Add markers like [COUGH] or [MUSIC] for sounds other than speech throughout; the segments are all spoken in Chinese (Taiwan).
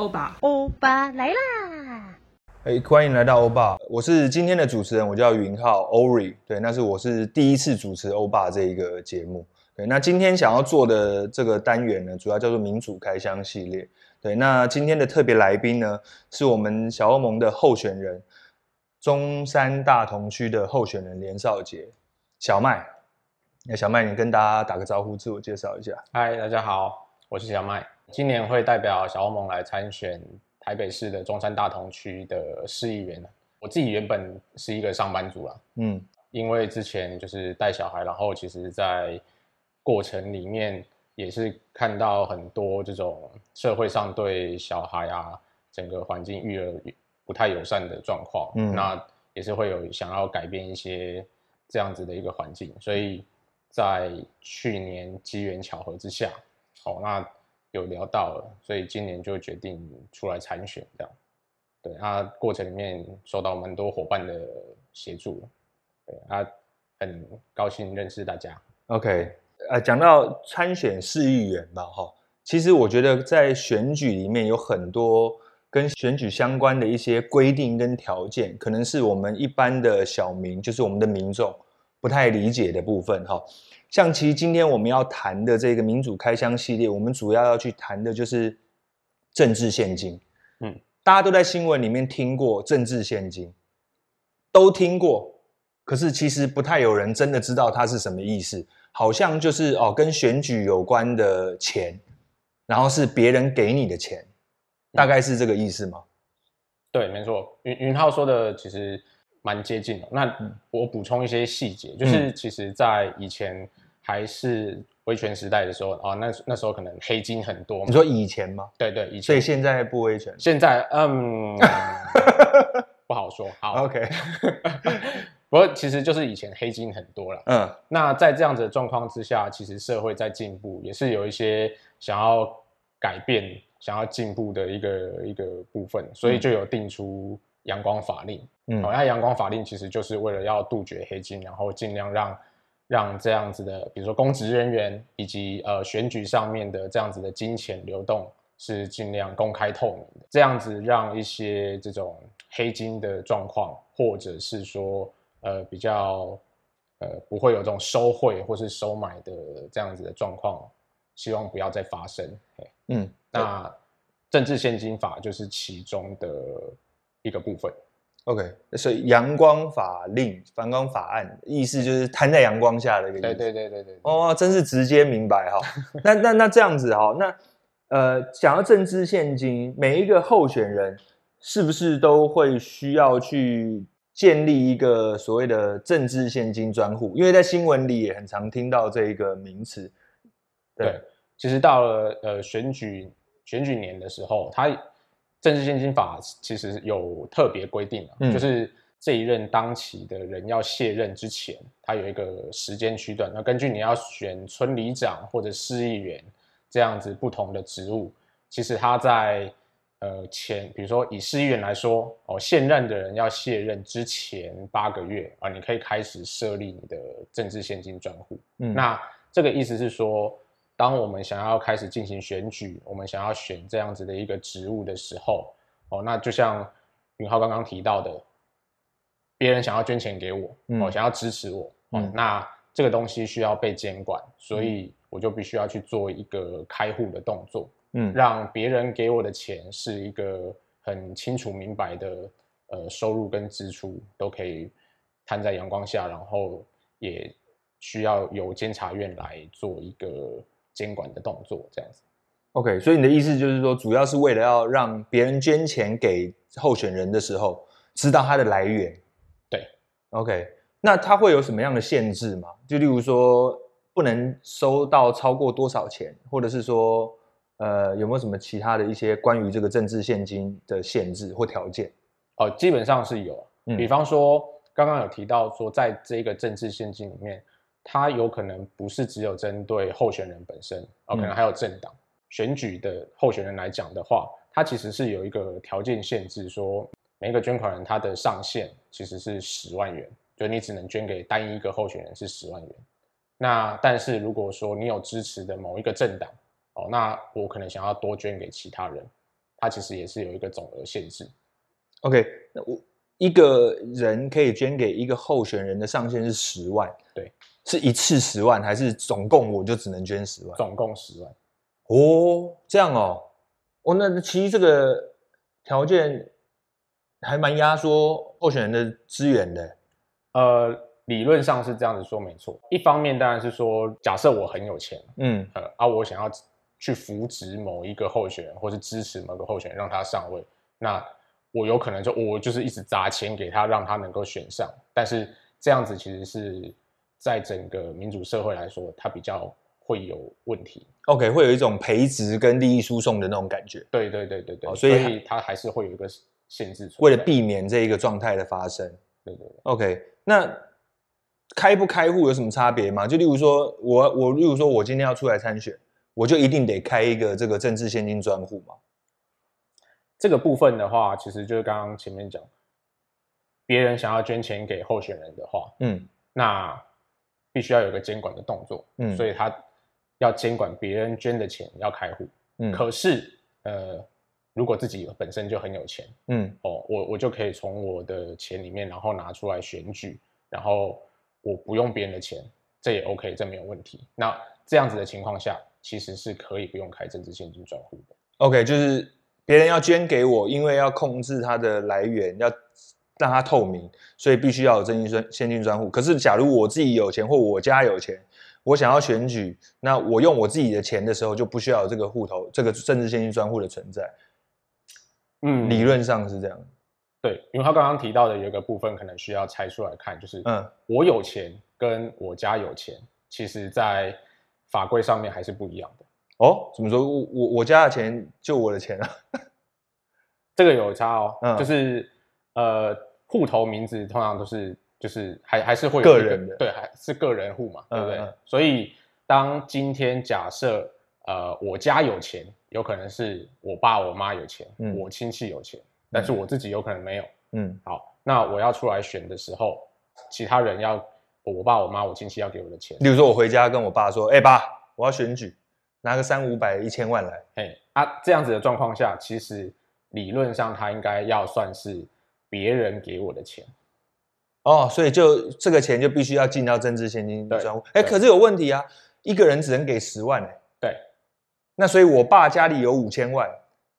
歐巴，歐巴來啦！哎，hey, 歡迎來到歐巴，我是今天的主持人，我叫云浩歐瑞。Ori, 對，那是我是第一次主持歐巴這一個節目。對，那今天想要做的這個單元呢，主要叫做民主開箱系列。對，那今天的特別來賓呢，是我們小歐盟的候選人，中山大同區的候選人連紹傑，小麥。那小麥，你跟大家打個招呼，自我介紹一下。嗨，大家好，我是小麥。今年會代表小歐盟來參選台北市的中山大同區的市議員。我自己原本是一個上班族啦、啊，嗯，因為之前就是帶小孩，然後其實在過程裡面也是看到很多這種社會上對小孩啊、整個環境育兒不太友善的狀況，嗯，那也是會有想要改變一些這樣子的一個環境，所以在去年機緣巧合之下，哦，那。有聊到了，所以今年就決定出來參選，這樣。對，那過程裡面受到蠻多夥伴的協助，對，啊，很高興認識大家。OK，呃、啊，講到參選市議員吧，哈，其實我覺得在選舉裡面有很多跟選舉相關的一些規定跟條件，可能是我們一般的小民，就是我們的民眾。不太理解的部分哈，像其實今天我們要談的這個民主開箱系列，我們主要要去談的就是政治獻金。嗯，大家都在新聞裡面聽過政治獻金，都聽過，可是其實不太有人真的知道它是什麼意思。好像就是哦，跟選舉有關的錢，然後是別人給你的錢，嗯、大概是這個意思嗎？對，沒錯，雲雲皓說的其實。蠻接近的。那我補充一些細節，嗯、就是其實，在以前還是威權時代的時候、嗯、啊，那那時候可能黑金很多。你說以前嗎？對對，對以前，所以現在不威權。現在嗯， [LAUGHS] 不好說。好，OK。 [LAUGHS] 不過其實就是以前黑金很多了。嗯，那在這樣子的狀況之下，其實社會在進步，也是有一些想要改變、想要進步的一個一個部分，所以就有定出陽光法令。嗯好像陽光法令其實就是為了要杜絕黑金，然後盡量讓，讓這樣子的，比如說公職人員以及呃選舉上面的這樣子的金錢流動是盡量公開透明的，這樣子讓一些這種黑金的狀況，或者是說呃比較呃不會有這種收賄或是收買的這樣子的狀況，希望不要再發生。嘿嗯，那政治獻金法就是其中的一個部分。OK，所以陽光法令，反光法案，意思就是攤在陽光下的一個意思。對，對對對對對。哦，真是直接明白哈。 [LAUGHS] 那那那這樣子哈，那呃，想要政治獻金，每一個候選人是不是都會需要去建立一個所謂的政治獻金專戶？因為在新聞裡也很常聽到這一個名詞。對，對，其實到了呃選舉選舉年的時候，他。政治獻金法其實有特別規定，啊嗯、就是這一任當期的人要卸任之前，他有一個時間區段。那根據你要選村里長或者市議員這樣子不同的職務，其實他在呃前，比如說以市議員來說，哦現任的人要卸任之前八個月啊，你可以開始設立你的政治獻金專戶。嗯、那這個意思是說。當我們想要開始進行選舉，我們想要選這樣子的一個職務的時候，哦，那就像雲皓剛剛提到的，別人想要捐錢給我，哦，想要支持我，嗯、哦，那這個東西需要被監管，所以我就必須要去做一個開戶的動作，嗯，讓別人給我的錢是一個很清楚明白的，呃，收入跟支出都可以攤在陽光下，然後也需要由監察院來做一個。監管的動作這樣子，OK，所以你的意思就是說，主要是為了要讓別人捐錢給候選人的時候，知道它的來源。對，OK，那他會有什麼樣的限制嗎？嗯、就例如說，不能收到超過多少錢，或者是說，呃，有沒有什麼其他的一些關於這個政治獻金的限制或條件？哦、呃，基本上是有，嗯、比方說剛剛有提到說，在這個政治獻金裡面。它有可能不是只有針對候選人本身，哦，可能還有政黨、嗯、選舉的候選人來講的話，它其實是有一個條件限制說，說每一個捐款人他的上限其實是十萬元，就你只能捐給單一個候選人是十萬元。那但是如果說你有支持的某一個政黨，哦，那我可能想要多捐給其他人，他其實也是有一個總額限制。OK，那我一個人可以捐給一個候選人的上限是十萬，對。是一次十萬，還是總共我就只能捐十萬？總共十萬，哦，這樣哦，哦，那其實這個條件還蠻壓縮候選人的資源的。呃，理論上是這樣子說，沒錯。一方面當然是說，假設我很有錢，嗯，啊，我想要去扶植某一個候選人，或是支持某個候選人讓他上位，那我有可能就我就是一直砸錢給他，讓他能夠選上。但是這樣子其實是。在整個民主社會來說，它比較會有問題。OK，會有一種培植跟利益輸送的那種感覺。對對對對對，哦、所以它還是會有一個限制，為了避免這一個狀態的發生，對對對。OK，那開不開戶有什麼差別嗎？就例如說，我我例如說我今天要出來參選，我就一定得開一個這個政治獻金專戶嗎？這個部分的話，其實就是剛剛前面講，別人想要捐錢給候選人的話，嗯，那。必須要有個監管的動作，嗯，所以他要監管別人捐的錢要開戶，嗯，可是呃，如果自己本身就很有錢，嗯，哦，我我就可以從我的錢裡面然後拿出來選舉，然後我不用別人的錢，這也 OK，這沒有問題。那這樣子的情況下，其實是可以不用開政治獻金專戶的。OK，就是別人要捐給我，因為要控制它的來源要。讓它透明，所以必須要有政治獻金專戶。可是，假如我自己有錢或我家有錢，我想要選舉，那我用我自己的錢的時候，就不需要有這個戶頭，這個政治獻金專戶的存在。嗯，理論上是這樣。對，因為他剛剛提到的有一個部分可能需要拆出來看，就是嗯，我有錢跟我家有錢，嗯、其實在法規上面還是不一樣的。哦，怎麼說？我我我家的錢就我的錢啊？ [LAUGHS] 這個有差哦，嗯、就是呃。戶頭名字通常都是就是還還是會有個，個人的，對，還是個人戶嘛，嗯、對不對？嗯、所以當今天假設呃我家有錢，有可能是我爸我媽有錢，嗯、我親戚有錢，但是我自己有可能沒有，嗯，好，那我要出來選的時候，嗯、其他人要我爸我媽我親戚要給我的錢，例如說我回家跟我爸說，哎、欸、爸，我要選舉，拿個三五百一千萬來，哎啊這樣子的狀況下，其實理論上他應該要算是。別人給我的錢，哦，所以就這個錢就必須要進到政治獻金專戶。哎，可是有問題啊，一個人只能給十萬、欸。對，那所以我爸家裡有五千萬，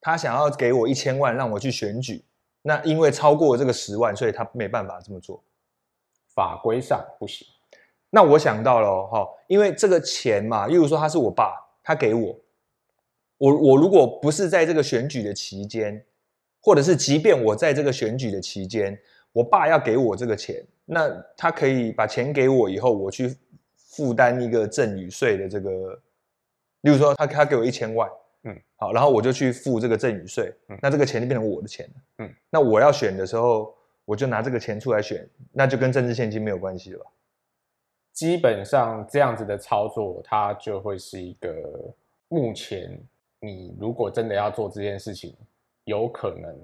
他想要給我一千萬讓我去選舉，那因為超過這個十萬，所以他沒辦法這麼做，法規上不行。那我想到了哈、哦，因為這個錢嘛，例如說他是我爸，他給我，我我如果不是在這個選舉的期間。或者是，即便我在這個選舉的期間，我爸要給我這個錢，那他可以把錢給我以後，我去負擔一個贈與稅的這個。例如說他，他他給我一千萬，嗯，好，然後我就去付這個贈與稅，嗯，那這個錢就變成我的錢，嗯，那我要選的時候，我就拿這個錢出來選，那就跟政治獻金沒有關係了。基本上這樣子的操作，它就會是一個目前你如果真的要做這件事情，有可能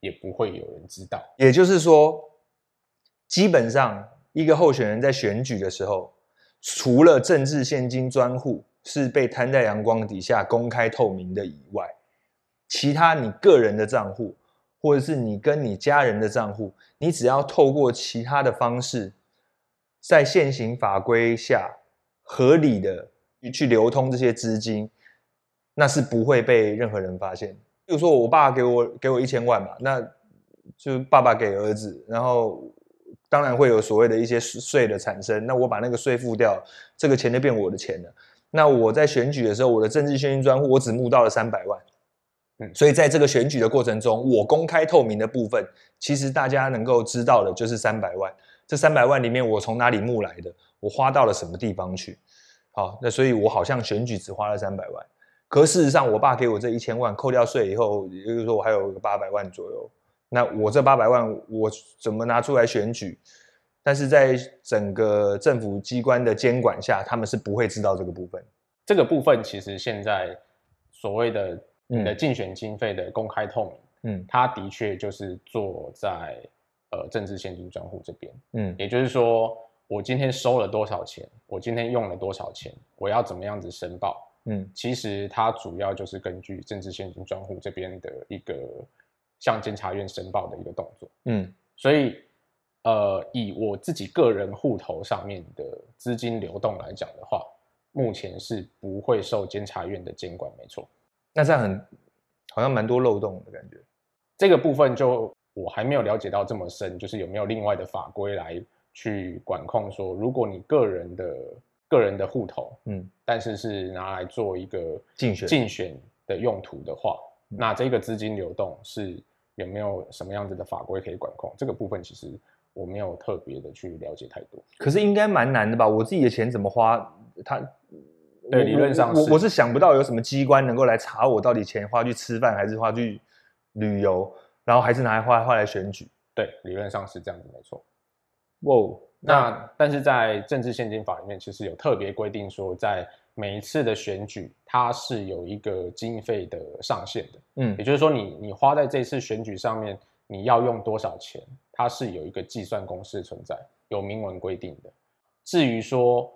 也不會有人知道。也就是說，基本上一個候選人在選舉的時候，除了政治獻金專戶是被攤在陽光底下公開透明的以外，其他你個人的賬戶，或者是你跟你家人的賬戶，你只要透過其他的方式，在現行法規下合理的去流通這些資金，那是不會被任何人發現的。就說我爸給我給我一千萬吧，那就爸爸給兒子，然後當然會有所謂的一些稅的產生。那我把那個稅付掉，這個錢就變我的錢了。那我在選舉的時候，我的政治獻金專戶我只募到了三百萬。嗯，所以在這個選舉的過程中，我公開透明的部分，其實大家能夠知道的就是三百萬。這三百萬裡面，我從哪裡募來的？我花到了什麼地方去？好，那所以我好像選舉只花了三百萬。可事實上，我爸給我這一千萬，扣掉稅以後，也就是說我還有八百萬左右。那我這八百萬，我怎麼拿出來選舉？但是在整個政府機關的監管下，他們是不會知道這個部分。這個部分其實現在所謂的你的競選經費的公開透明，嗯，它的確就是做在呃政治現金賬戶政治獻金專戶這邊，嗯，也就是說我今天收了多少錢，我今天用了多少錢，我要怎麼樣子申報？嗯，其實它主要就是根據政治獻金專戶這邊的一個向監察院申報的一個動作。嗯，所以呃，以我自己個人戶頭上面的資金流動來講的話，目前是不會受監察院的監管沒錯，沒錯。那這樣很好像蠻多漏洞的感覺。這個部分就我還沒有了解到這麼深，就是有沒有另外的法規來去管控說，如果你個人的。個人的戶頭，嗯，但是是拿來做一個競選的用途的話，嗯、那這個資金流動是有沒有什麼樣子的法規可以管控？這個部分其實我沒有特別的去了解太多。可是應該蠻難的吧？我自己的錢怎麼花？他、欸，對，理論上是，我，我我是想不到有什麼機關能夠來查我到底錢花去吃飯還是花去旅遊，然後還是拿來花花來選舉。對，理論上是這樣子沒、沒錯。哦，Whoa, 那，那但是在政治獻金法裡面，其實有特別規定說，在每一次的選舉，它是有一個經費的上限的。嗯,也就是說你，你你花在這次選舉上面，你要用多少錢，它是有一個計算公式存在，有明文規定的。至於說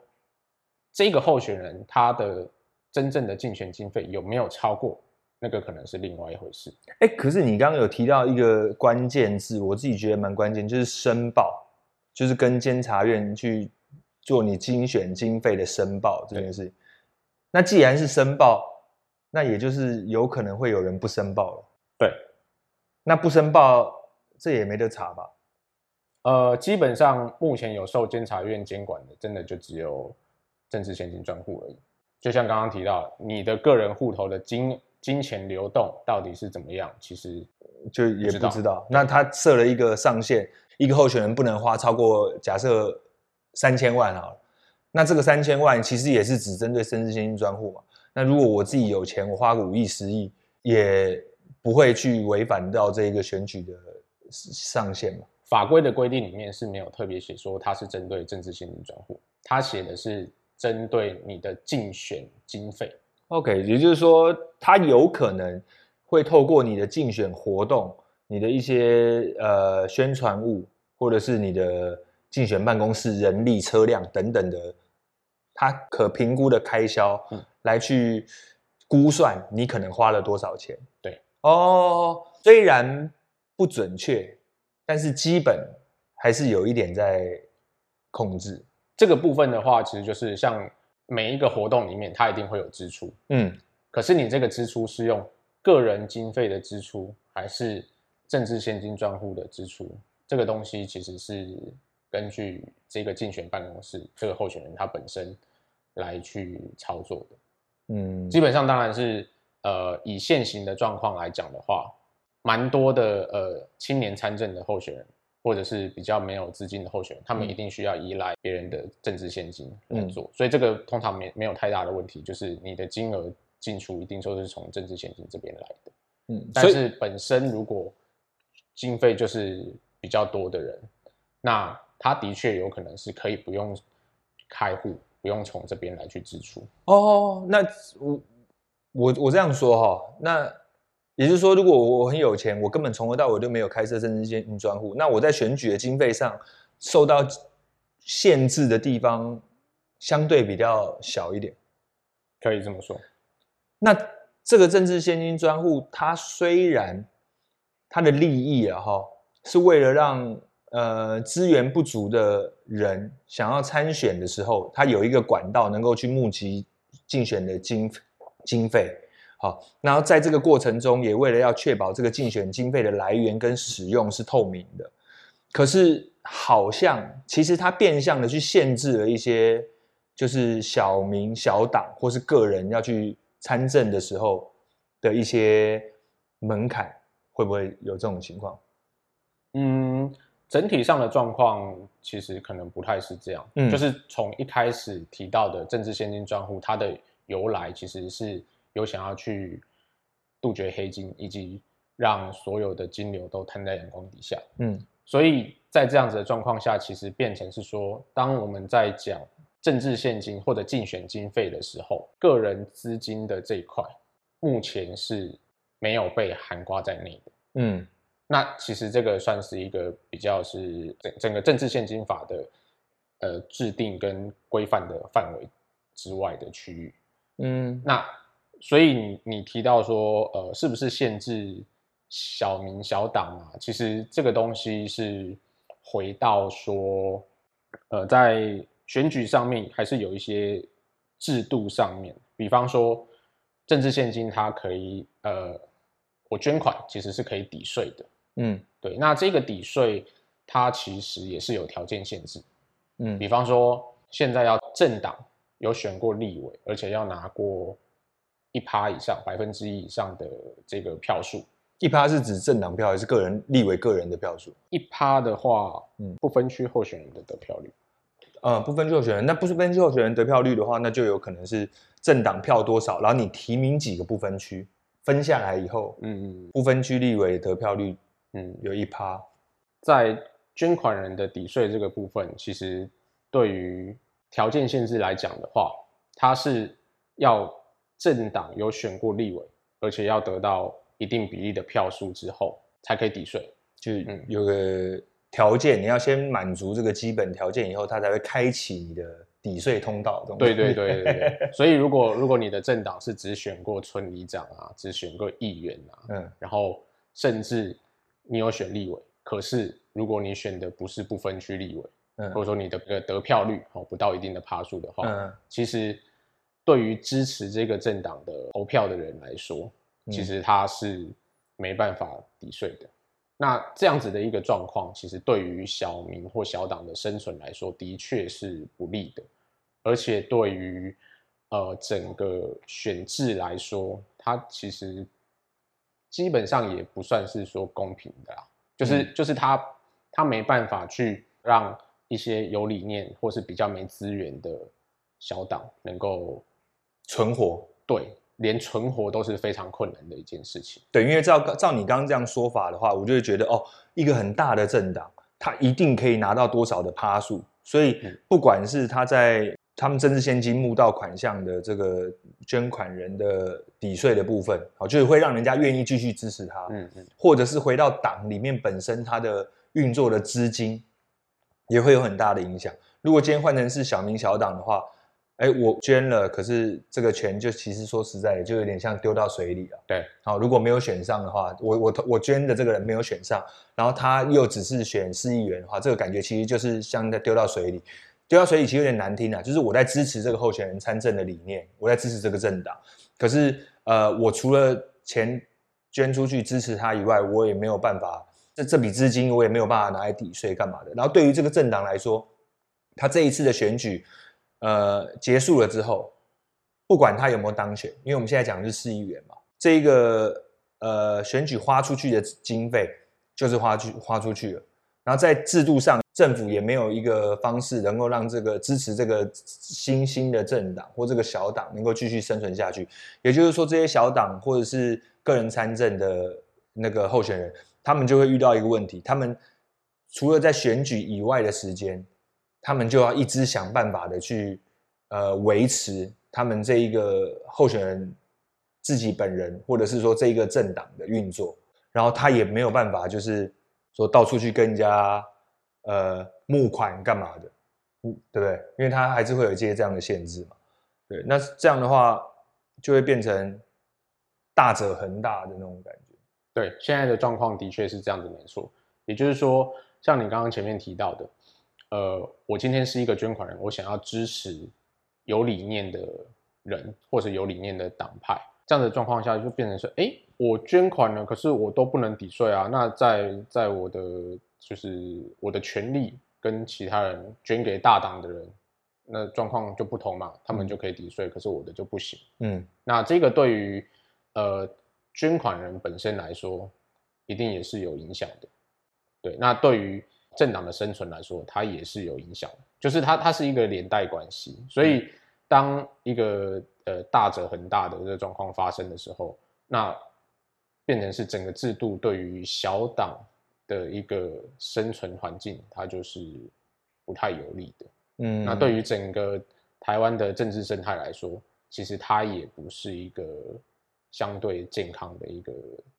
這個候選人他的真正的競選經費有沒有超過，那個可能是另外一回事。哎、欸，可是你剛剛有提到一個關鍵字，我自己覺得蠻關鍵，就是申報。就是跟監察院去做你競選經費的申報這件事。對那既然是申報，那也就是有可能會有人不申報了。對，那不申報，這也沒得查吧？呃，基本上目前有受監察院監管的，真的就只有政治獻金專戶而已。就像剛剛提到，你的個人戶頭的金金錢流動到底是怎麼樣，其實。就也不知道，不知道，那他設了一個上限，一個候選人不能花超過假設三千萬啊。那這個三千萬其實也是只針對政治獻金專戶嘛。那如果我自己有錢，我花個五億、十億，也不會去違反到這個選舉的上限嘛？法規的規定裡面是沒有特別寫說它是針對政治獻金專戶，他寫的是針對你的競選經費。嗯、OK，也就是說，他有可能。會透過你的競選活動、你的一些呃宣傳物，或者是你的競選辦公室、人力、車輛等等的，它可評估的開銷，嗯，來去估算你可能花了多少錢。對，哦，雖然不準確，但是基本還是有一點在控制。這個部分的話，其實就是像每一個活動裡面，它一定會有支出，嗯，可是你這個支出是用。個人經費的支出還是政治獻金專戶的支出，這個東西其實是根據這個競選辦公室、這個候選人他本身來去操作的。嗯，基本上當然是呃，以現行的狀況來講的話，蠻多的呃青年參政的候選人或者是比較沒有資金的候選人，他們一定需要依賴別人的政治獻金來做，嗯、所以這個通常沒沒有太大的問題，就是你的金額。進出一定說是從政治獻金這邊來的，嗯，但是本身如果經費就是比較多的人，那他的確有可能是可以不用開戶，不用從這邊來去支出。哦，那我我我這樣說哈、哦，那也就是說，如果我很有錢，我根本從頭到尾都沒有開設政治獻金專戶，那我在選舉的經費上受到限制的地方相對比較小一點，可以這麼說。那這個政治獻金專戶，它雖然它的利益啊，哈、哦，是為了讓呃資源不足的人想要參選的時候，它有一個管道能夠去募集競選的經經費，好、哦，然後在這個過程中，也為了要確保這個競選經費的來源跟使用是透明的，可是好像其實它變相的去限制了一些，就是小民小黨或是個人要去。參政的時候的一些門檻，會不會有這種情況？嗯，整體上的狀況其實可能不太是這樣。嗯、就是從一開始提到的政治獻金專戶，它的由來其實是有想要去杜絕黑金，以及讓所有的金流都攤在陽光底下。嗯，所以在這樣子的狀況下，其實變成是說，當我們在講。政治獻金或者競選經費的時候，個人資金的這一塊目前是沒有被涵蓋在內的。嗯，那其實這個算是一個比較是整整個政治獻金法的呃制定跟規範的範圍之外的區域。嗯，那所以你你提到說呃是不是限制小民小黨啊？其實這個東西是回到說呃在。選舉上面還是有一些制度上面，比方說政治獻金，它可以，呃，我捐款其實是可以抵稅的，嗯，對。那這個抵稅它其實也是有條件限制，嗯，比方說現在要政黨有選過立委，而且要拿過一趴以上百分之一以上的這個票數，一趴是指政黨票還是個人立委個人的票數？一趴的話，嗯，不分區候選人的得票率。嗯，不分區候選人，那不是分區候選人得票率的話，那就有可能是政黨票多少，然後你提名幾個不分區，分下來以後，嗯嗯，不分區立委得票率，嗯，有一趴。在捐款人的抵稅這個部分，其實對於條件限制來講的話，它是要政黨有選過立委，而且要得到一定比例的票數之後，才可以抵稅，就是、有個。條件，你要先滿足這個基本條件以後，他才會開啟你的抵稅通道。對 [LAUGHS] 對對對對。所以如果如果你的政黨是只選過村里長啊，只選過議員啊，嗯，然後甚至你有選立委，可是如果你選的不是不分區立委，嗯，或者說你的個得票率哦不到一定的趴數的話，嗯，其實對於支持這個政黨的投票的人來說，其實他是沒辦法抵稅的。那這樣子的一個狀況，其實對於小民或小黨的生存來說，的確是不利的，而且對於呃整個選制來說，它其實基本上也不算是說公平的啦，就是、嗯、就是他他沒辦法去讓一些有理念或是比較沒資源的小黨能夠存活，對。連存活都是非常困難的一件事情。對，因為照照你剛剛這樣說法的話，我就會覺得哦，一個很大的政黨，他一定可以拿到多少的趴數。所以不管是他在他們政治獻金募到款項的這個捐款人的抵稅的部分，好，就是會讓人家願意繼續支持他。嗯。嗯嗯。或者是回到黨裡面本身它的運作的資金，也會有很大的影響。如果今天換成是小民小黨的話。哎、欸，我捐了，可是這個錢就其實說實在的，就有點像丟到水裡了。對，好，如果沒有選上的話，我我我捐的這個人沒有選上，然後他又只是選市議員的話，這個感覺其實就是像在丟到水裡，丟到水裡其實有點難聽了，就是我在支持這個候選人參政的理念，我在支持這個政黨，可是呃，我除了錢捐出去支持他以外，我也沒有辦法，這這筆資金我也沒有辦法拿來抵稅幹嘛的。然後對於這個政黨來說，他這一次的選舉。呃，結束了之後，不管他有沒有當選，因為我們現在講的是市議員嘛，這個呃選舉花出去的經費就是花去花出去了。然後在制度上，政府也沒有一個方式能夠讓這個支持這個新興的政黨或這個小黨能夠繼續生存下去。也就是說，這些小黨或者是個人參政的那個候選人，他們就會遇到一個問題，他們除了在選舉以外的時間。他們就要一直想辦法的去，呃，維持他們這一個候選人自己本人，或者是說這一個政黨的運作，然後他也沒有辦法，就是說到處去跟人家，呃，募款幹嘛的，嗯，對不對？因為他還是會有一些這樣的限制嘛。對，那這樣的話就會變成大者恆大的那種感覺。對，現在的狀況的確是這樣子沒錯，也就是說，像你剛剛前面提到的。呃，我今天是一個捐款人，我想要支持有理念的人或者有理念的黨派。這樣的狀況下就變成說，誒，我捐款了，可是我都不能抵稅啊。那在在我的就是我的權利跟其他人捐給大黨的人，那狀況就不同嘛，他們就可以抵稅，可是我的就不行。嗯，那這個對於呃捐款人本身來說，一定也是有影響的。對，那對於。政黨的生存來說，它也是有影響，就是它它是一個連帶關係，所以當一個呃大者恆大的這個狀況發生的時候，那變成是整個制度對於小黨的一個生存環境，它就是不太有利的。嗯，那對於整個台灣的政治生態來說，其實它也不是一個相對健康的一個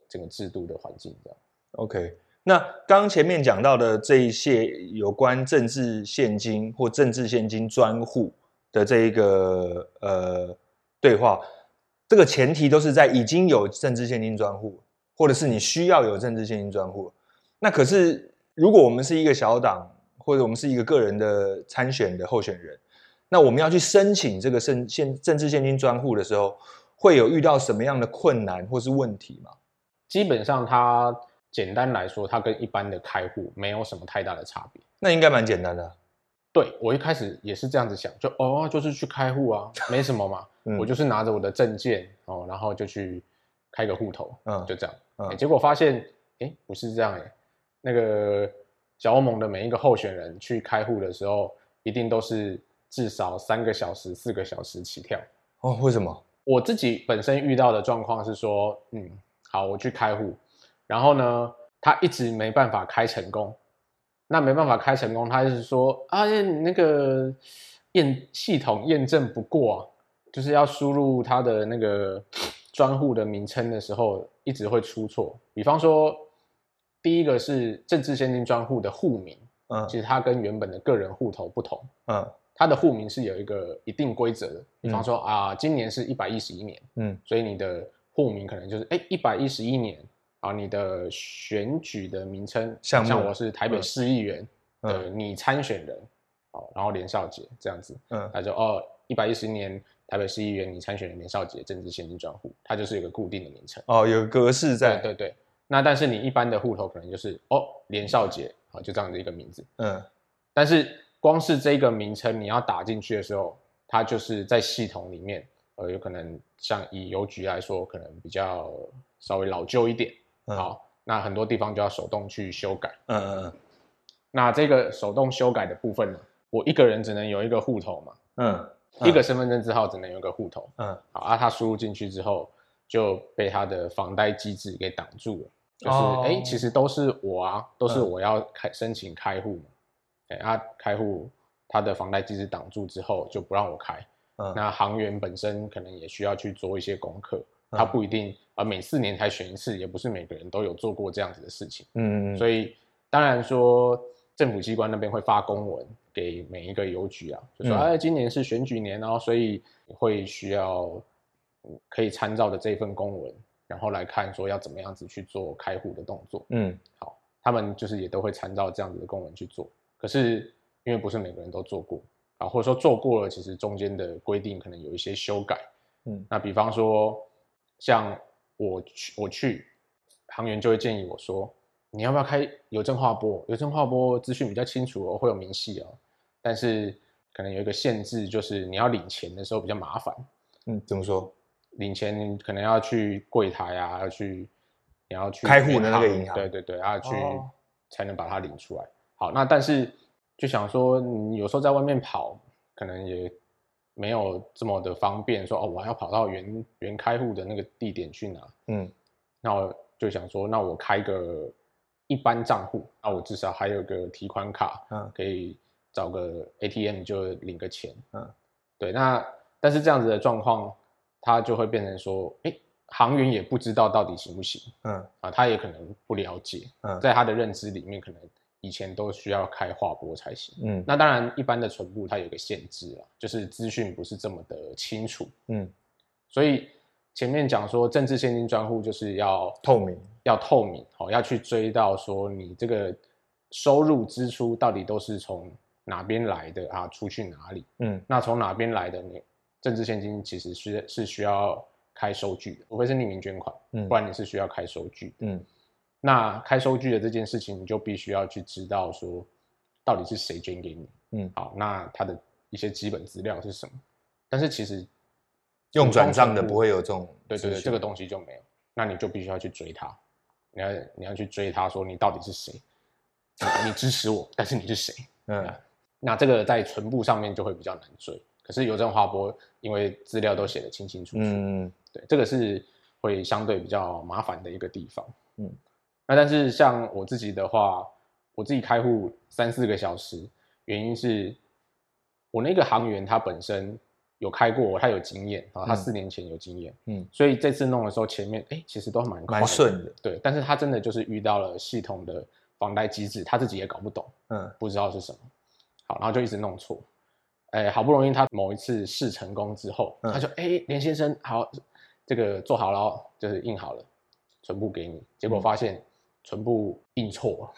整個制度的環境這樣。OK。那剛剛前面講到的這一些有關政治獻金或政治獻金專戶的這一個呃對話，這個前提都是在已經有政治獻金專戶，或者是你需要有政治獻金專戶。那可是如果我們是一個小黨，或者我們是一個個人的參選的候選人，那我們要去申請這個政現政治獻金專戶的時候，會有遇到什麼樣的困難或是問題嗎？基本上它。簡單來說，它跟一般的開戶沒有什麼太大的差別。那應該蠻簡單的，啊。對我一開始也是這樣子想，就哦，就是去開戶啊，沒什麼嘛， [LAUGHS] 嗯、我就是拿着我的證件哦，然後就去開個戶頭，嗯，就這樣，嗯欸。結果發現，哎、欸，不是這樣哎、欸。那個小歐盟的每一個候選人去開戶的時候，一定都是至少三個小時、四個小時起跳。哦，為什麼？我自己本身遇到的狀況是說，嗯，好，我去開戶。然後呢，他一直沒辦法開成功，那沒辦法開成功，他就是說啊、哎，那個驗系統驗證不過、啊，就是要輸入他的那個專戶的名稱的時候，一直會出錯。比方說，第一個是政治獻金專戶的戶名，嗯，其實它跟原本的個人戶頭不同，嗯，它的戶名是有一個一定規則的。嗯、比方說啊，今年是一百一十一年，嗯，所以你的戶名可能就是哎一百一十一年。啊，你的選舉的名稱，像目像我是台北市議員的擬參選人，好、嗯，然後連紹傑這樣子，嗯，他就哦，一百一十年台北市議員擬參選的連紹傑政治獻金專戶，他就是有個固定的名稱，哦，有格式在，對對，對。那但是你一般的戶頭可能就是哦連紹傑，好，就這樣的一個名字，嗯，但是光是這個名稱你要打進去的時候，它就是在系統裡面，呃，有可能像以郵局來說，可能比較稍微老舊一點。嗯、好，那很多地方就要手動去修改。嗯嗯嗯。嗯，那這個手動修改的部分呢？我一個人只能有一個戶頭嘛。嗯。嗯，一個身份證字號只能有一個戶頭。嗯。好，啊，他輸入進去之後就被他的房貸機製給擋住了。就是哎、哦欸，其實都是我啊，都是我要開申請開戶嘛。哎、嗯欸，啊開戶，他的房貸機制擋住之後就不讓我開。嗯。那行員本身可能也需要去做一些功課。它不一定啊、呃，每四年才選一次，也不是每個人都有做過這樣子的事情。嗯，嗯。所以當然說，政府機關那邊會發公文給每一個郵局啊，就說哎、嗯欸，今年是選舉年啊、喔，所以會需要可以參照的這份公文，然後來看說要怎麼樣子去做開戶的動作。嗯，好，他們就是也都會參照這樣子的公文去做。可是因為不是每個人都做過啊，或者說做過了，其實中間的規定可能有一些修改。嗯，那比方說。像我去，我去，行員就會建議我說，你要不要開郵政劃撥？郵政劃撥資訊比較清楚哦，會有明細哦，但是可能有一個限制，就是你要領錢的時候比較麻煩。嗯，怎麼說？領錢可能要去櫃台啊，要去，你要去開戶的那個銀行。對對對，啊，去才能把它領出來。哦、好，那但是就想說，你有時候在外面跑，可能也。沒有這麼的方便說，說哦，我還要跑到原原開戶的那個地點去拿。嗯，那我就想說，那我開個一般賬戶，那我至少還有個提款卡，嗯，可以找個 ATM 就領個錢。嗯，對。那但是這樣子的狀況，他就會變成說，哎，行員也不知道到底行不行。嗯，啊，他也可能不了解。嗯，在他的認知裡面可能。以前都需要開劃撥才行，嗯，那當然一般的存戶它有個限制啊，就是資訊不是這麼的清楚，嗯，所以前面講說政治獻金專戶就是要透明、嗯、要透明，要透明，哦，要去追到說你這個收入支出到底都是從哪邊來的啊，出去哪裡，嗯，那從哪邊來的呢？政治獻金其實是是需要開收據的，除非是匿名捐款，嗯、不然你是需要開收據的，嗯。那開收據的這件事情，你就必須要去知道說，到底是誰捐給你，嗯，好，那他的一些基本資料是什麼？但是其實用轉賬的不會有這種，對對對，這個東西就沒有，那你就必須要去追他，你要你要去追他說你到底是誰，你支持我，但是你是誰？嗯，那這個在存簿上面就會比較難追，可是郵政劃撥因為資料都寫得清清楚楚，嗯，對，這個是會相對比較麻煩的一個地方，嗯。那但是像我自己的話，我自己開戶三四個小時，原因是我那個行員他本身有開過，他有經驗啊，他四年前有經驗，嗯，嗯，所以這次弄的時候前面哎其實都蠻快的，蠻順的，對，但是他真的就是遇到了系統的防呆機制，他自己也搞不懂，嗯，不知道是什麼，好，然後就一直弄錯，誒，好不容易他某一次試成功之後，嗯、他說哎連先生好，這個做好了，就是印好了，全部給你，結果發現。嗯全部印錯啊？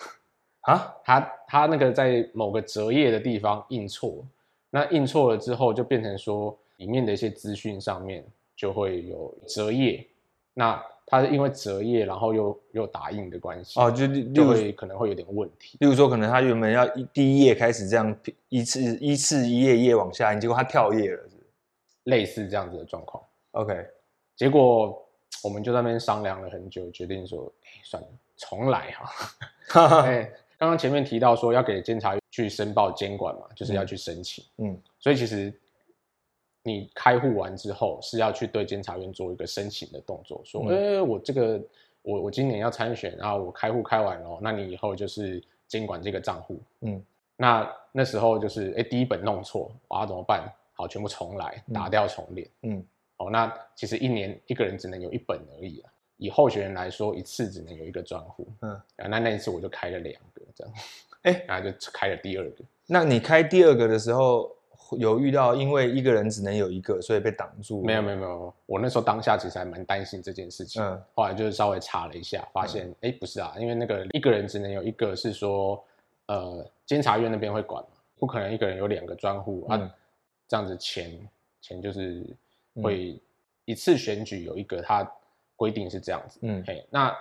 蛤他他那個在某個折頁的地方印錯，那印錯了之後就變成說裡面的一些資訊上面就會有折頁。那他是因為折頁，然後又又打印的關係，哦，就就就會可能會有點問題。例如說，可能他原本要第一頁開始這樣一次一次一頁一頁往下印，你結果他跳頁了是是，類似這樣子的狀況。OK，結果我們就在那邊商量了很久，決定說，哎，算了。重從來哈，剛剛前面提到說要給監察院去申報監管嘛，就是要去申請。嗯，所以其實你開戶完之後是要去對監察院做一個申請的動作，說，我這個我我今年要參選，然後我開戶開完了、喔，那你以後就是監管這個賬戶。嗯，那那時候就是哎第一本弄錯，我要怎麼辦？好，全部重來，打掉重練。嗯，哦，那其實一年一個人只能有一本而已了、啊。以候選人來說，一次只能有一個專戶。嗯，啊，那那一次我就開了兩個，這樣，哎、欸，然後就開了第二個。那你開第二個的時候，有遇到因為一個人只能有一個，所以被擋住？沒有，沒有，沒有。我那時候當下其實還蠻擔心這件事情。嗯，後來就是稍微查了一下，發現，哎、嗯，欸、不是啊，因為那個一個人只能有一個，是說，呃，監察院那邊會管嘛，不可能一個人有兩個專戶、嗯、啊。這樣子錢錢就是會一次選舉有一個他。規定是這樣子，嗯，嘿，那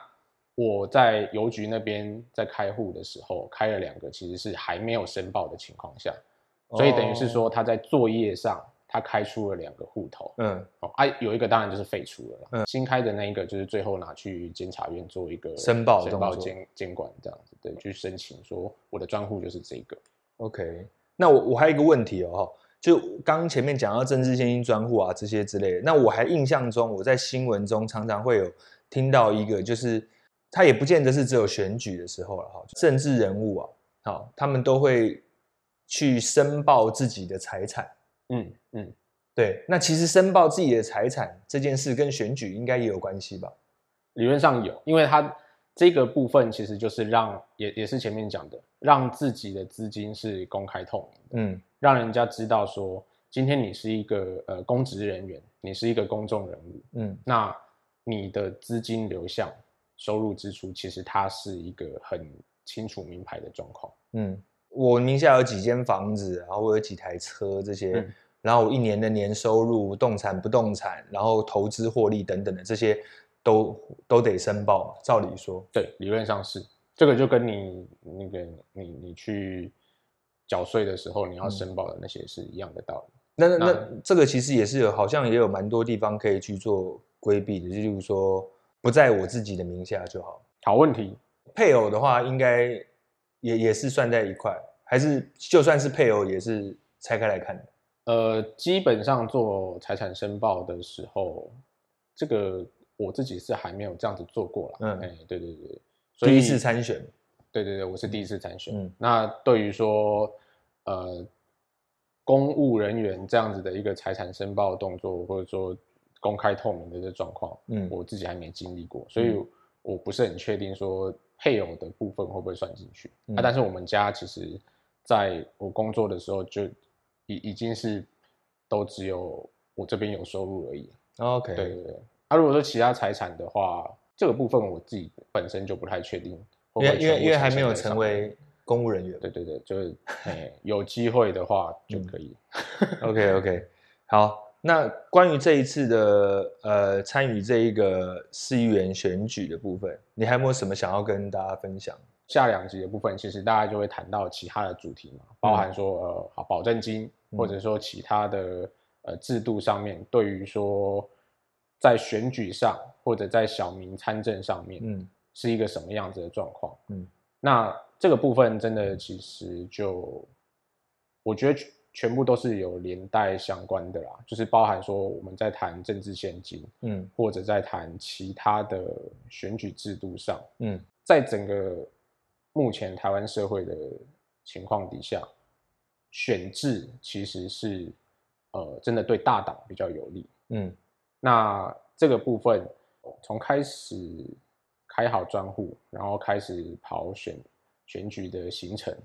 我在郵局那邊在開戶的時候開了兩個，其實是還沒有申報的情況下，哦、所以等於是說他在作業上他開出了兩個戶頭，嗯，哦，哎、啊，有一個當然就是廢除了啦嗯，新開的那一個就是最後拿去監察院做一個申報監、申報監監管這樣子，對，去申請說我的專戶就是這個，OK，那我我還有一個問題哦。就剛前面講到政治獻金專戶啊這些之類的，那我還印象中我在新聞中常常會有聽到一個，就是他也不見得是只有選舉的時候了哈，政治人物啊，好，他們都會去申報自己的財產，嗯嗯，嗯對，那其實申報自己的財產這件事跟選舉應該也有關係吧？理論上有，因為他。這個部分其實就是讓，也也是前面講的，讓自己的資金是公開透明的，嗯，讓人家知道說，今天你是一個呃公職人員，你是一個公眾人物，嗯，那你的資金流向、收入支出，其實它是一個很清楚明白的狀況，嗯，我名下有幾間房子，然後我有幾台車這些，嗯、然後我一年的年收入、動產、不動產，然後投資獲利等等的這些。都都得申報，照理說，對，理論上是這個，就跟你那個你你，你去繳稅的時候，你要申報的那些是一樣的道理。嗯、那那，那這個其實也是有，好像也有蠻多地方可以去做規避的，就例如說不在我自己的名下就好。好問題，配偶的話應該也也是算在一塊，還是就算是配偶也是拆開來看的？呃，基本上做財產申報的時候，這個。我自己是還沒有這樣子做過了。嗯，哎、欸，對對對所以，第一次參選，對對對，我是第一次參選。嗯，那對於說，呃，公務人員這樣子的一個財產申報動作，或者說公開透明的一個狀況，嗯，我自己還沒經歷過，所以我不是很確定說配偶的部分會不會算進去、嗯啊。但是我們家其實在我工作的時候就已已經是都只有我這邊有收入而已。哦、OK，對對對。啊，如果說其他財產的話，這個部分我自己本身就不太確定會會，因為因為因為還沒有成為公務人員。對對對，就是、 [LAUGHS] 嗯、有機會的話就可以。 [LAUGHS] OK OK，好，那關於這一次的呃參與這一個市議員選舉的部分，你還有沒有什麼想要跟大家分享？下兩集的部分，其實大家就會談到其他的主題嘛，包含說、嗯、呃保證金，或者說其他的呃制度上面對於說。在選舉上，或者在小民參政上面，是一個什麼樣子的狀況？嗯，那這個部分真的其實就，我覺得全部都是有連帶相關的啦，就是包含說我們在談政治獻金，或者在談其他的選舉制度上，嗯，在整個目前台灣社會的情況底下，選制其實是，呃，真的對大黨比較有利，嗯。那這個部分，從開始開好專戶，然後開始跑選選舉的行程，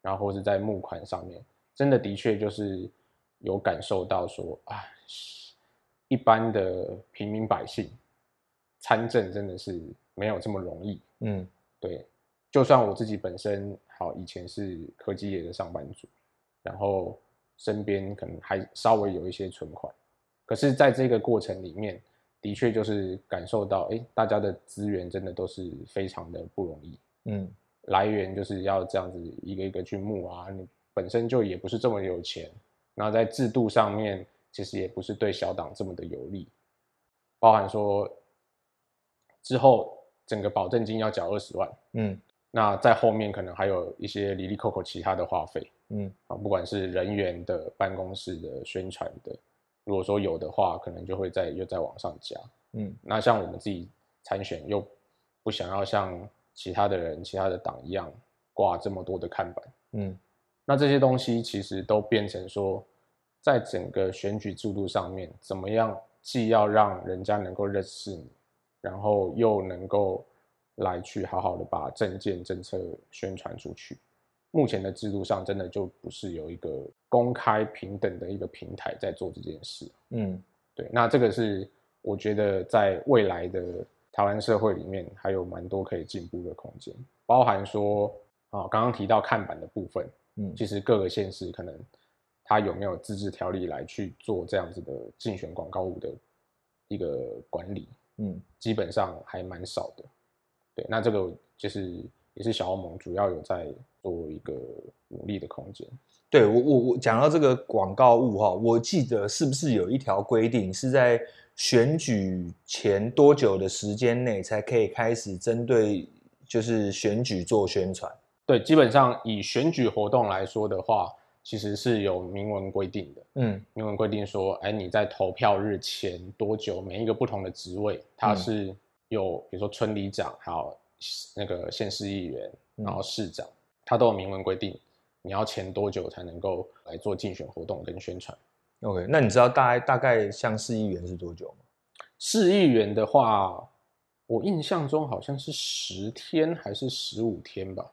然後或是在募款上面，真的的確就是有感受到說啊，一般的平民百姓參政真的是沒有這麼容易。嗯，對，就算我自己本身好以前是科技業的上班族，然後身邊可能還稍微有一些存款。可是，在這個過程裡面，的確就是感受到，哎、欸，大家的資源真的都是非常的不容易。嗯，來源就是要這樣子一個一個去募啊，你本身就也不是這麼有錢，那在制度上面其實也不是對小黨這麼的有利，包含說之後整個保證金要繳二十萬，嗯，那在後面可能還有一些里里扣扣其他的花費，嗯，啊，不管是人員的、辦公室的、宣傳的。如果說有的話，可能就會再又再往上加。嗯，那像我們自己參選，又不想要像其他的人、其他的黨一樣掛這麼多的看板。嗯，那這些東西其實都變成說，在整個選舉制度上面，怎麼樣既要讓人家能夠認識你，然後又能夠來去好好的把政見政策宣傳出去。目前的制度上，真的就不是有一個公開平等的一個平台在做這件事。嗯，對，那這個是我覺得在未來的台灣社會裡面，還有蠻多可以進步的空間，包含說啊，剛剛提到看板的部分，嗯，其實各個縣市可能他有沒有自治條例來去做這樣子的競選廣告物的一個管理，嗯，基本上還蠻少的。對，那這個就是。也是小歐盟主要有在做一個努力的空間。對，我我我講到這個廣告物哈，我記得是不是有一條規定是在選舉前多久的時間內才可以開始針對就是選舉做宣傳？對，基本上以選舉活動來說的話，其實是有明文規定的。嗯，明文規定說，哎，你在投票日前多久，每一個不同的職位，它是有、嗯、比如說村里長還有。那個縣市議員，然後市長，嗯、他都有明文規定，你要前多久才能夠來做競選活動跟宣傳。OK，那你知道大概大概像市議員是多久嗎？市議員的話，我印象中好像是十天還是十五天吧。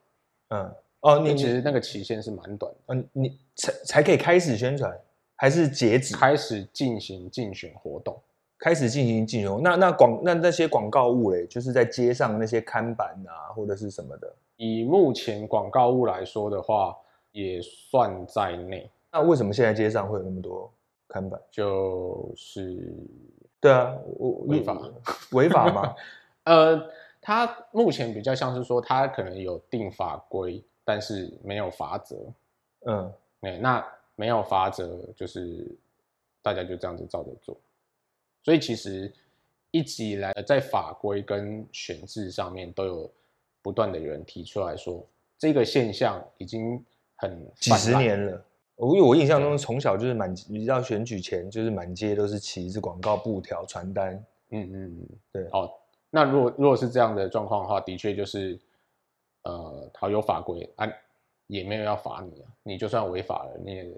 嗯，哦，你其實那個期限是蠻短的。嗯，你才才可以開始宣傳，還是截止開始進行競選活動？開始進行禁用？那那廣那那些廣告物嘞，就是在街上那些看板啊，或者是什麼的。以目前廣告物來說的話，也算在內。那為什麼現在街上會有那麼多看板？就是對啊，我違法違法嗎？ [LAUGHS] 呃，他目前比較像是說，他可能有定法規，但是沒有罰則。嗯對，那沒有罰則，就是大家就這樣子照着做。所以其實一直以來，在法規跟選制上面，都有不斷的有人提出來說，這個現象已經很幾十年了。我因為我印象中，從小就是滿，一到選舉前就是滿街都是旗子、廣告布條、傳單。嗯，嗯嗯，對。哦，那如果如果是這樣的狀況的話，的確就是，呃，他有法規啊，也沒有要罰你啊，你就算違法了，你也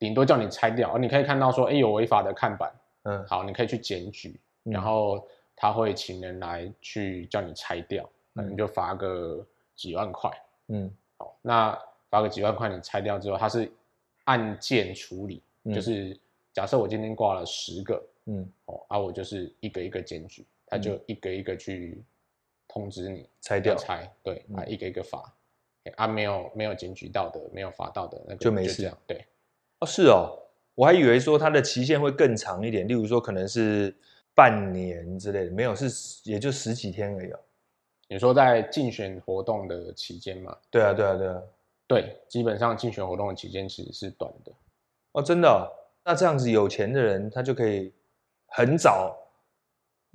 頂多叫你拆掉，啊。你可以看到說，哎、欸，有違法的看板。嗯，好，你可以去檢舉，然後他會請人來去叫你拆掉，你就罰個幾萬塊，嗯，好，那罰個幾萬塊，你拆掉之後，他是按件處理，就是假設我今天掛了十個，嗯，哦，啊，我就是一個一個檢舉，他就一個一個去通知你拆掉，拆，對，啊，一個一個罰，啊，沒有沒有檢舉到的，沒有罰到的，那就沒事，對，哦，是哦。我還以為說，它的期限會更長一點，例如說可能是半年之類的，沒有，是也就十幾天而已。你說在競選活動的期間嗎？對啊，對啊，對啊，對，基本上競選活動的期間其實是短的。哦，真的哦？那這樣子有錢的人，他就可以很早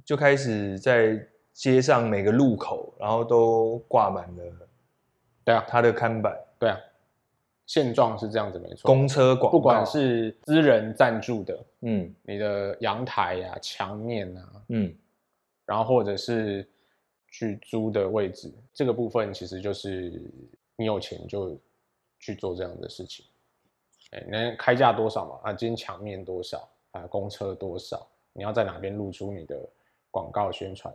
就開始在街上每個路口，然後都掛滿了。對啊。他的看板。對啊。對啊現狀是這樣子，沒錯。公車廣告，不管是私人贊助的，嗯，你的陽台呀、牆面啊，嗯，然後或者是去租的位置，這個部分其實就是你有錢就去做這樣的事情。哎，那開價多少嘛？啊，今天牆面多少？啊，公車多少？你要在哪邊露出你的廣告宣傳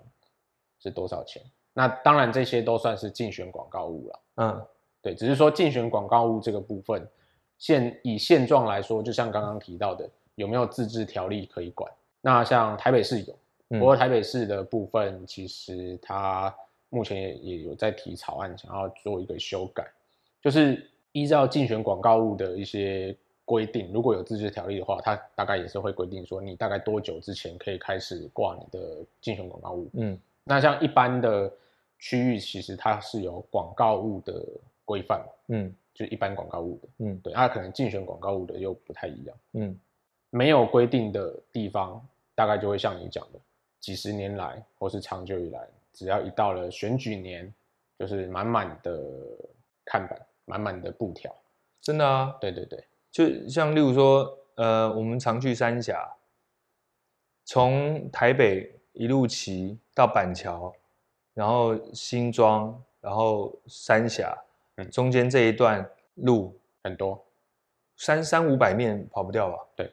是多少錢？那當然這些都算是競選廣告物了。嗯。對，只是說競選廣告物這個部分，現以現狀來說，就像剛剛提到的，有沒有自治條例可以管？那像台北市有，不過台北市的部分，其實它目前也也有在提草案，想要做一個修改，就是依照競選廣告物的一些規定，如果有自治條例的話，它大概也是會規定說，你大概多久之前可以開始掛你的競選廣告物。嗯，那像一般的區域，其實它是有廣告物的。規範，規範。嗯，就是一般廣告物的，嗯，對，它、啊、可能競選廣告物的又不太一樣，嗯，沒有規定的地方，大概就會像你講的，幾十年來或是長久以來，只要一到了選舉年，就是滿滿的看板，滿滿的布條，真的啊，對對對，就像例如說，呃，我們常去三峽，從台北一路騎到板橋，然後新莊，然後三峽。中間這一段路，嗯，很多，三三五百面，跑不掉吧？對，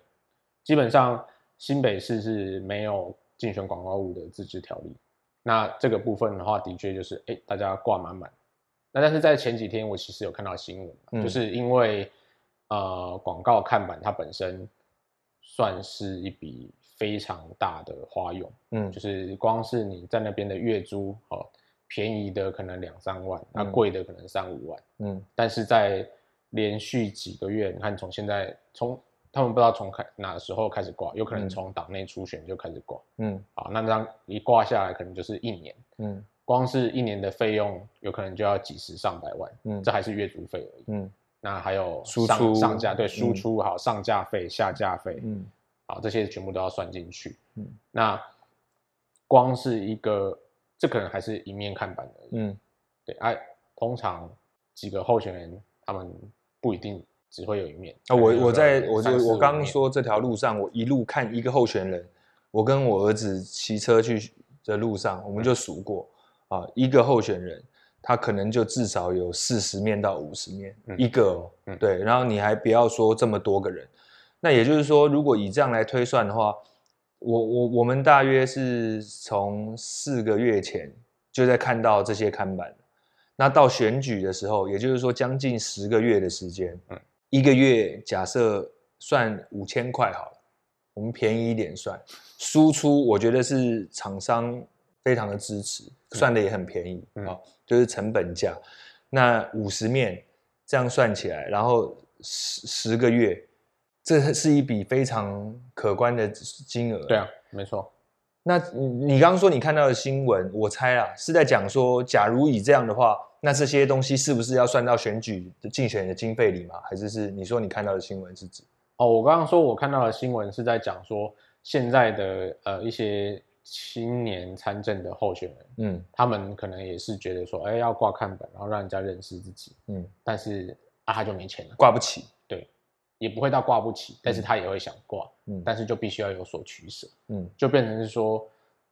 基本上新北市是沒有競選廣告物的自治條例。那這個部分的話，的確就是哎，欸，大家掛滿滿。那但是在前幾天，我其實有看到新聞，嗯，就是因為呃，廣告看板它本身算是一筆非常大的花用，嗯、嗯，就是光是你在那邊的月租，呃便宜的可能兩三萬，那、啊、貴的可能三五萬。嗯，嗯，但是在連續幾個月，你看從現在從他們不知道從哪時候開始掛，有可能從黨內初選就開始掛。嗯，好，那這樣一掛下來，可能就是一年。嗯，光是一年的費用，有可能就要幾十上百萬。嗯，這還是月租費而已。嗯，嗯，那還有上輸出上架，對，輸、嗯、出好上架費、下架費。嗯，好，這些全部都要算進去。嗯，那光是一個。這可能還是一面看板的。嗯，對。哎、啊，通常幾個候選人，他們不一定只會有一面。啊、我我在我就我剛剛說這條路上，我一路看一個候選人，我跟我兒子騎車去的路上，我們就數過、嗯、啊，一個候選人他可能就至少有四十面到五十面、嗯、一個，嗯、對。然後你還不要說這麼多個人，那也就是說，如果以這樣來推算的話。我我我們大約是從四個月前就在看到這些看板，那到選舉的時候，也就是說將近十個月的時間，嗯，一個月假設算五千塊好了，我們便宜一點算，輸出我覺得是廠商非常的支持，算的也很便宜，啊，就是成本價，那五十面這樣算起來，然後十十個月。這是一筆非常可觀的金額。對啊，沒錯。那你剛剛說你看到的新聞，我猜啊，是在講說，假如以這樣的話，那這些東西是不是要算到選舉的競選的經費裡嗎？還是是你說你看到的新聞是指？哦，我剛剛說我看到的新聞是在講說，現在的呃一些青年參政的候選人，嗯，他們可能也是覺得說，哎、欸，要掛看板，然後讓人家認識自己，嗯，但是啊，他就沒錢了，掛不起。也不會到掛不起，嗯、但是他也會想掛，嗯，但是就必須要有所取捨，嗯，就變成是說，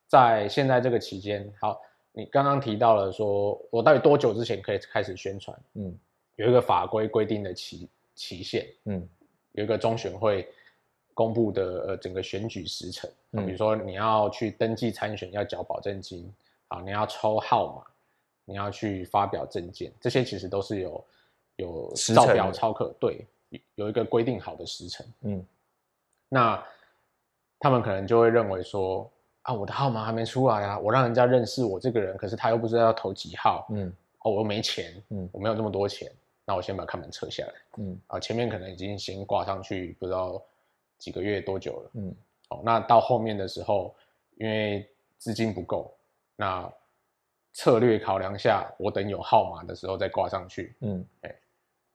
在現在這個期間，好，你剛剛提到了說，我到底多久之前可以開始宣傳，嗯，有一個法規規定的期期限，嗯，有一個中選會公布的呃整個選舉時程，嗯、比如說你要去登記參選，要繳保證金，啊，你要抽號碼，你要去發表證件，這些其實都是有有照表操課，對。有一個規定好的時辰，嗯，那他們可能就會認為說，啊，我的號碼還沒出來啊，我讓人家認識我這個人，可是他又不知道要投幾號，嗯，哦，我又沒錢，嗯，我沒有那麼多錢，那我先把看板撤下來，嗯，啊，前面可能已經先掛上去，不知道幾個月多久了，嗯，好、哦，那到後面的時候，因為資金不夠，那策略考量下，我等有號碼的時候再掛上去，嗯，哎、欸，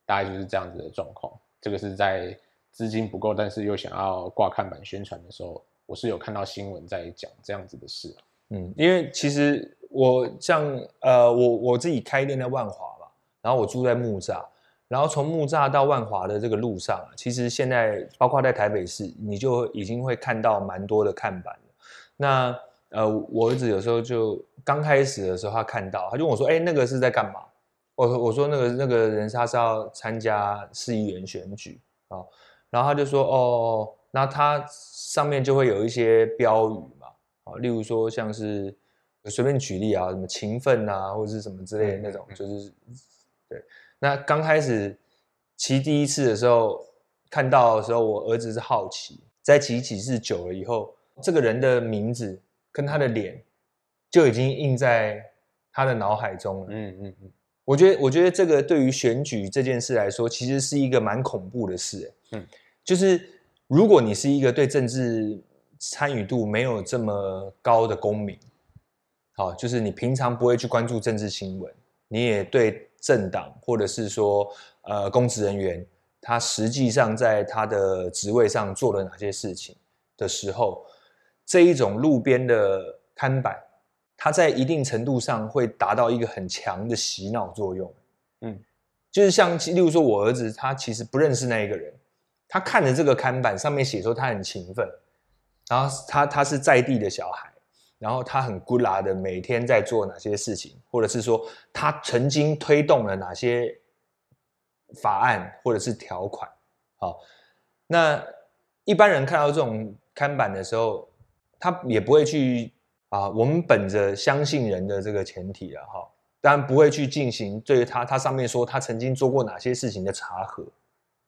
大概就是這樣子的狀況。這個是在資金不夠，但是又想要掛看板宣傳的時候，我是有看到新聞在講這樣子的事啊。嗯，因為其實我像呃，我我自己開店在萬華吧，然後我住在木柵，然後從木柵到萬華的這個路上啊，其實現在包括在台北市，你就已經會看到蠻多的看板。那呃，我兒子有時候就剛開始的時候，他看到，他就問我說：“哎，那個是在幹嘛？”我我說，那個那個人他是要參加市議員選舉，然後他就說哦，那他上面就會有一些標語嘛啊，例如說像是隨便舉例啊，什麼勤奮啊或者是什麼之類的那種，就是對。那剛開始騎第一次的時候，看到的時候，我兒子是好奇；再騎幾，幾次久了以後，這個人的名字跟他的臉就已經印在他的腦海中了。嗯嗯嗯。嗯我覺得，我覺得這個對於選舉這件事來說，其實是一個蠻恐怖的事，欸。嗯，就是如果你是一個對政治參與度沒有這麼高的公民，好，就是你平常不會去關注政治新聞，你也對政黨或者是說呃公職人員他實際上在他的職位上做了哪些事情的時候，這一種路邊的看板。他在一定程度上會達到一個很強的洗腦作用，嗯，就是像例如說，我兒子他其實不認識那一個人，他看着這個看板上面寫說他很勤奮，然後他他是在地的小孩，然後他很孤 o 的每天在做哪些事情，或者是說他曾經推動了哪些法案或者是條款，好，那一般人看到這種看板的時候，他也不會去。啊，我們本着相信人的這個前提啊，哈，當然不會去進行對他他上面說他曾經做過哪些事情的查核，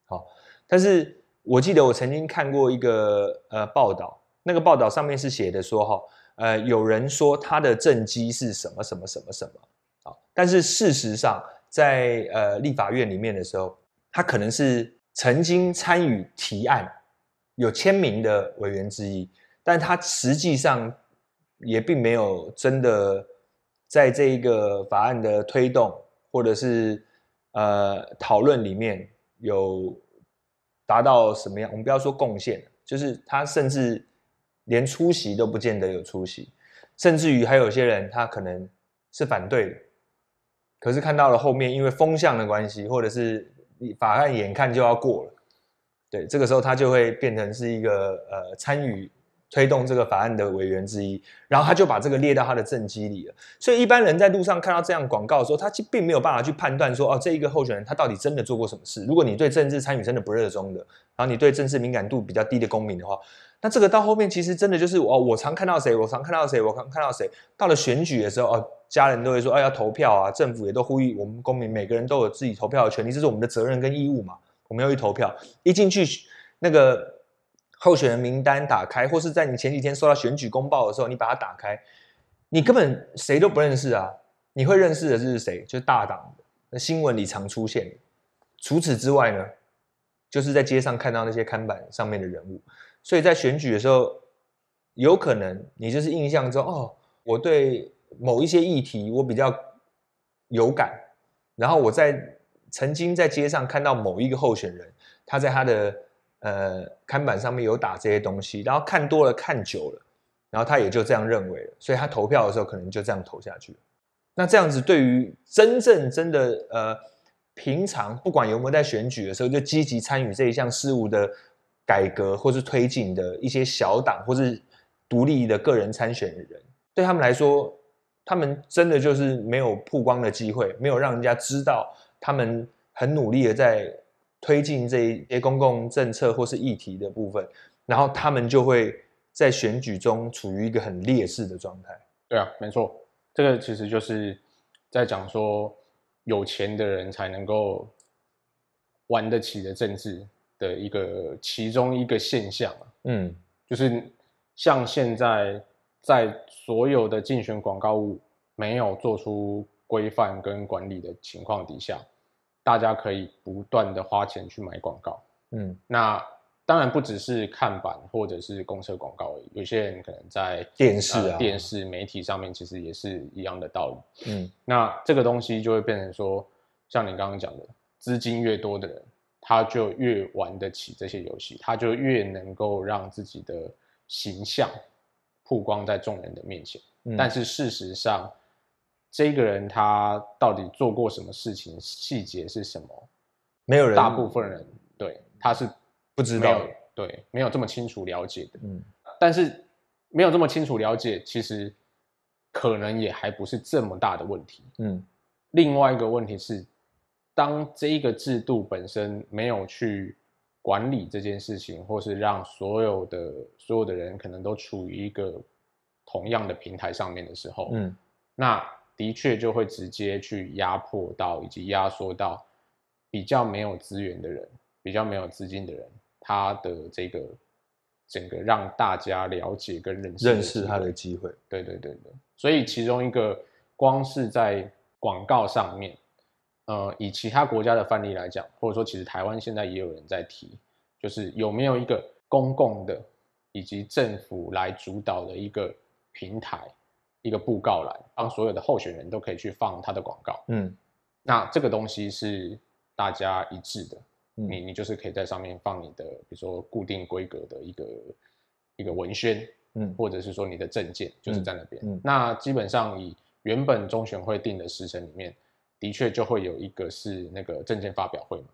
好，啊，但是我記得我曾經看過一個呃報道，那個報道上面是寫的說哈，呃、啊、有人說他的政績是什麼什麼什麼什麼啊，但是事實上在呃立法院裡面的時候，他可能是曾經參與提案有簽名的委員之一，但他實際上。也並沒有真的在這一個法案的推動或者是呃討論裡面有達到什麼樣，我們不要說貢獻，就是他甚至連出席都不見得有出席，甚至於還有些人他可能是反對的，可是看到了後面因為風向的關係，或者是法案眼看就要過了，對，這個時候他就會變成是一個呃參與。推動這個法案的委員之一，然後他就把這個列到他的政績裡了。所以一般人在路上看到這樣廣告的時候，他其實並沒有辦法去判斷說，哦，這一個候選人他到底真的做過什麼事。如果你對政治參與真的不熱衷的，然後你對政治敏感度比較低的公民的話，那這個到後面其實真的就是哦，我常看到誰，我常看到誰，我常看到誰。到了選舉的時候，哦，家人都會說，哎，要投票啊！政府也都呼籲我們公民每個人都有自己投票的權利，這是我們的責任跟義務嘛。我們要去投票，一進去那個。候選人名單打開，或是在你前幾天收到選舉公報的時候，你把它打開，你根本誰都不認識啊！你會認識的是誰？就是、大黨，那新聞裡常出現。除此之外呢，就是在街上看到那些看板上面的人物。所以在選舉的時候，有可能你就是印象中哦，我對某一些議題我比較有感，然後我在曾經在街上看到某一個候選人，他在他的。呃，看板上面有打這些東西，然後看多了看久了，然後他也就這樣認為了，所以他投票的時候可能就這樣投下去了。那這樣子對於真正真的呃，平常不管有沒有在選舉的時候就積極參與這一項事務的改革或是推進的一些小黨或是獨立的個人參選的人，對他們來說，他們真的就是沒有曝光的機會，沒有讓人家知道他們很努力的在。推進這一些公共政策或是議題的部分，然後他們就會在選舉中處於一個很劣勢的狀態。對啊，沒錯，這個其實就是在講說有錢的人才能夠玩得起的政治的一個其中一個現象。嗯，就是像現在在所有的競選廣告物沒有做出規範跟管理的情況底下。大家可以不斷的花錢去買廣告，嗯，那當然不只是看板或者是公車廣告而已，有些人可能在電視、啊啊、電視媒體上面，其實也是一樣的道理，嗯，那這個東西就會變成說，像你剛剛講的，資金越多的人，他就越玩得起這些遊戲，他就越能夠讓自己的形象曝光在眾人的面前，嗯，但是事實上，這個人他到底做過什麼事情？細節是什麼？沒有人，大部分人對他是不知道的，對，沒有這麼清楚了解的。嗯，但是沒有這麼清楚了解，其實可能也還不是這麼大的問題。嗯，另外一個問題是，當這個制度本身沒有去管理這件事情，或是讓所有的所有的人可能都處於一個同樣的平台上面的時候，嗯，那。的確，就會直接去壓迫到，以及壓縮到比較沒有資源的人，比較沒有資金的人，他的這個整個讓大家了解跟認識認識他的機會。對對對對，所以其中一個光是在廣告上面，呃，以其他國家的範例來講，或者說，其實台灣現在也有人在提，就是有沒有一個公共的以及政府來主導的一個平台。一個布告欄，讓所有的候選人都可以去放他的廣告。嗯，那這個東西是大家一致的，嗯、你你就是可以在上面放你的，比如說固定規格的一個一個文宣，嗯，或者是說你的政見，就是在那邊。嗯嗯、那基本上以原本中選會定的時程裡面，的確就會有一個是那個政見發表會嘛。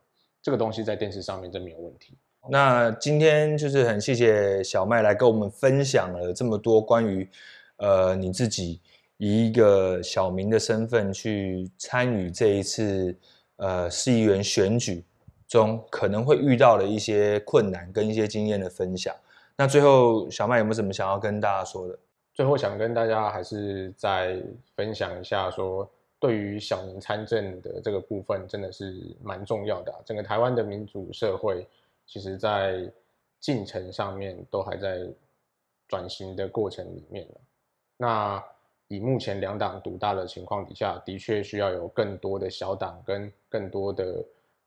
這個東西在電視上面真沒有問題。那今天就是很謝謝小麥來跟我們分享了這麼多關於。呃，你自己以一個小民的身份去參與這一次呃，市議員選舉中，可能會遇到的一些困難跟一些經驗的分享。那最後，小麥有沒有什麼想要跟大家說的？最後想跟大家還是再分享一下說，說對於小民參政的這個部分，真的是蠻重要的啊。整個台灣的民主社會，其實，在進程上面都還在轉型的過程裡面。那以目前兩黨獨大的情況底下，的確需要有更多的小黨跟更多的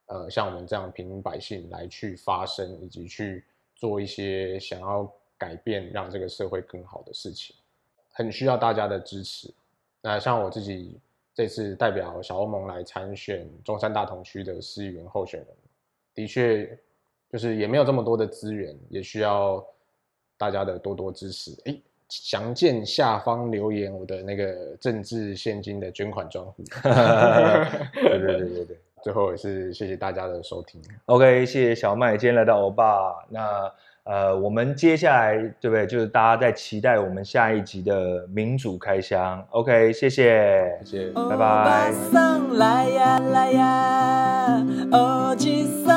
呃，像我們這樣平民百姓來去發聲，以及去做一些想要改變，讓這個社會更好的事情，很需要大家的支持。那像我自己這次代表小歐盟來參選中山大同區的市議員候選人，的確就是也沒有這麼多的資源，也需要大家的多多支持。欸詳見下方留言，我的那個政治獻金的捐款賬戶。對對對對對最後也是謝謝大家的收聽。OK，謝謝小麥，今天來到歐吧。那呃，我們接下來對不對？就是大家在期待我們下一集的民主開箱。OK，謝謝，謝謝，拜拜 bye。Bye bye.